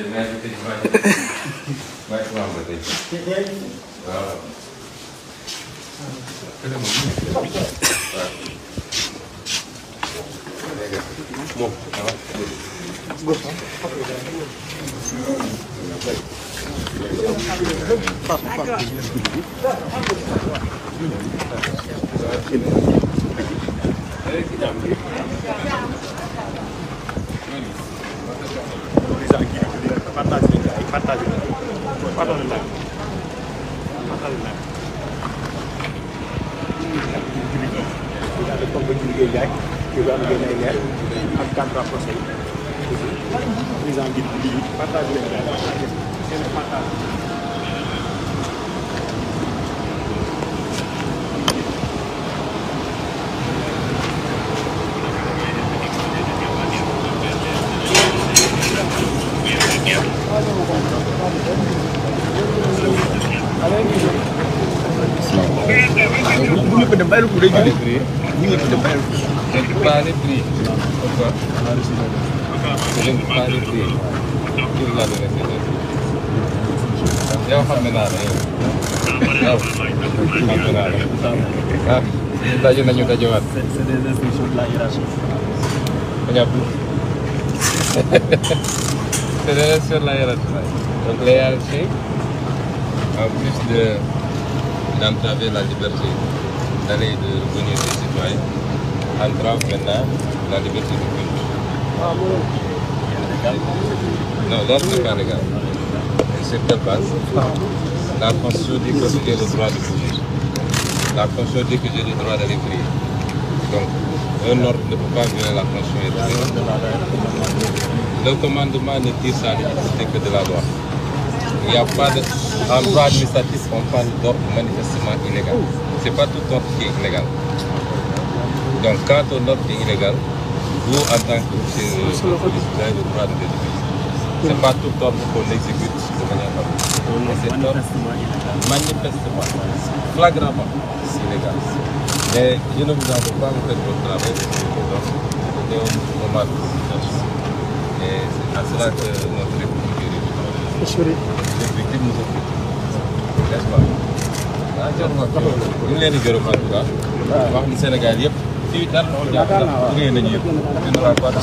tey maa ngi tëj maa ngi tëj maa ngi maa ngi tëj waaw. Thank you. Fatal Fatal laaj Fatal laaj. ak kii bi ñu ngi daal di toog ba Diouf Guèye Ndiaye kii bi am ngeen ay leer ak quatre rapprochés yi. aussi président bi lii partage leen daal seen partage. bàyyi la ko day julli ñu ngi tudd bàyyi la ko. pas les prix. pourquoi. je ne pas les prix. kii laa doon rek yow xam naa la yow. waaw xam naa la ah. daje nañu dajewaat. c'est des instructions de la hiérarchie. c'est des instructions de la hiérarchie. donc la hiérarchie en plus de d'entraver la liberté. la ley de revenir des citoyens entrave maintenant la liberté de culte. Non, l'ordre n'est pas légal. Sur quelle base La Constitution dit que j'ai le droit de bouger. La Constitution dit que j'ai le droit d'aller prier. Donc, un ordre ne peut pas violer la Constitution. Le commandement ne tire sa légitimité que de la loi. Il n'y a pas de... En droit administratif, on parle d'ordre manifestement illégal. c'est pas toute offre qui est illégale. Donc quand on offre qui est illégale, vous en tant que police, vous avez le droit de déduire. C'est pas toute offre qu'on exécute de manière normale. C'est manifestement, flagramment, c'est illégal. Mais je ne vous en veux pas, vous faites votre travail, donc c'est un moment de communication. Et c'est à cela que notre République est L'objectif nous ñu ngi leen di gërëm en tout cas. wax ni Sénégal yëpp fii dara loolu yaakaar naa waaw liggéey nañu ne ngeen euh, dañu war a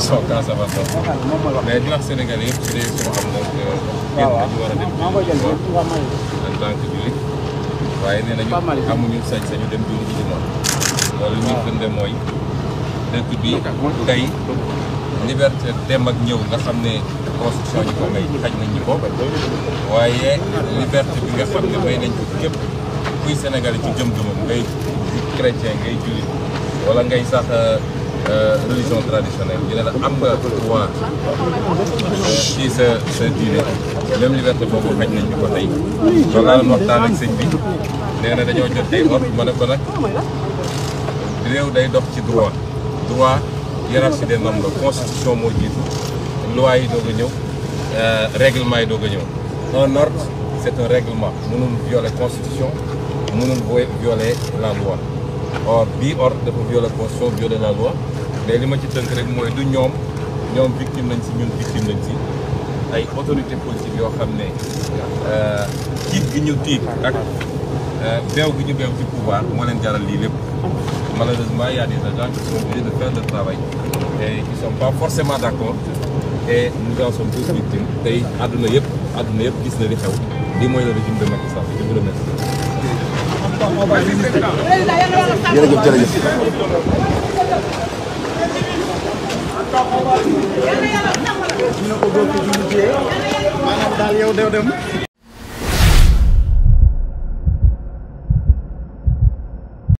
dem en dem julli ji ci moom. loolu li ñuy firnde mooy dëkk bi ñëw nga xam ne constitution ñi ko may xaj nañ ko waaye liberté bi nga xam ne may nañ ko képp. kuy Sénégalais ci gëm-gëmam ngay chrétien ngay jullit wala ngay sax euh, euh, religion traditionnelle ñu ne la am nga droit euh, ci sa sa diine même liberté boobu xaj nañ ñu ko tey loolu laa doon ak sëñ bi nee dañoo jot tey or ma ne ko nag réew day dox ci droit droit hiérarchie des normes la constitution moo jiitu loi yi doog a ñëw règlement yi doog ñëw un ordre c'est un règlement mënul violer constitution mënul booy violer la loi or bii or dafa violer constitution la loi mais li ma ci tënk rek mooy du ñoom ñoom victime lañ si ñun victime lañ si ay autorité politique yoo xam ne euh, tiit gi ñu tiit ak euh, beew gi ñu beew ci pouvoir moo leen jaral lii lépp malheureusement y a des agents qui sont obligés de faire le travail et ils sont pas forcément d'accord et nous en sommes tey àdduna yëpp àdduna yëpp gis na li xew lii mooy le régime de Macky Sall je vous remercie jërëjëf jërëjëf. ñu ne ko góor gi ñu maanaam daal yow dew dem.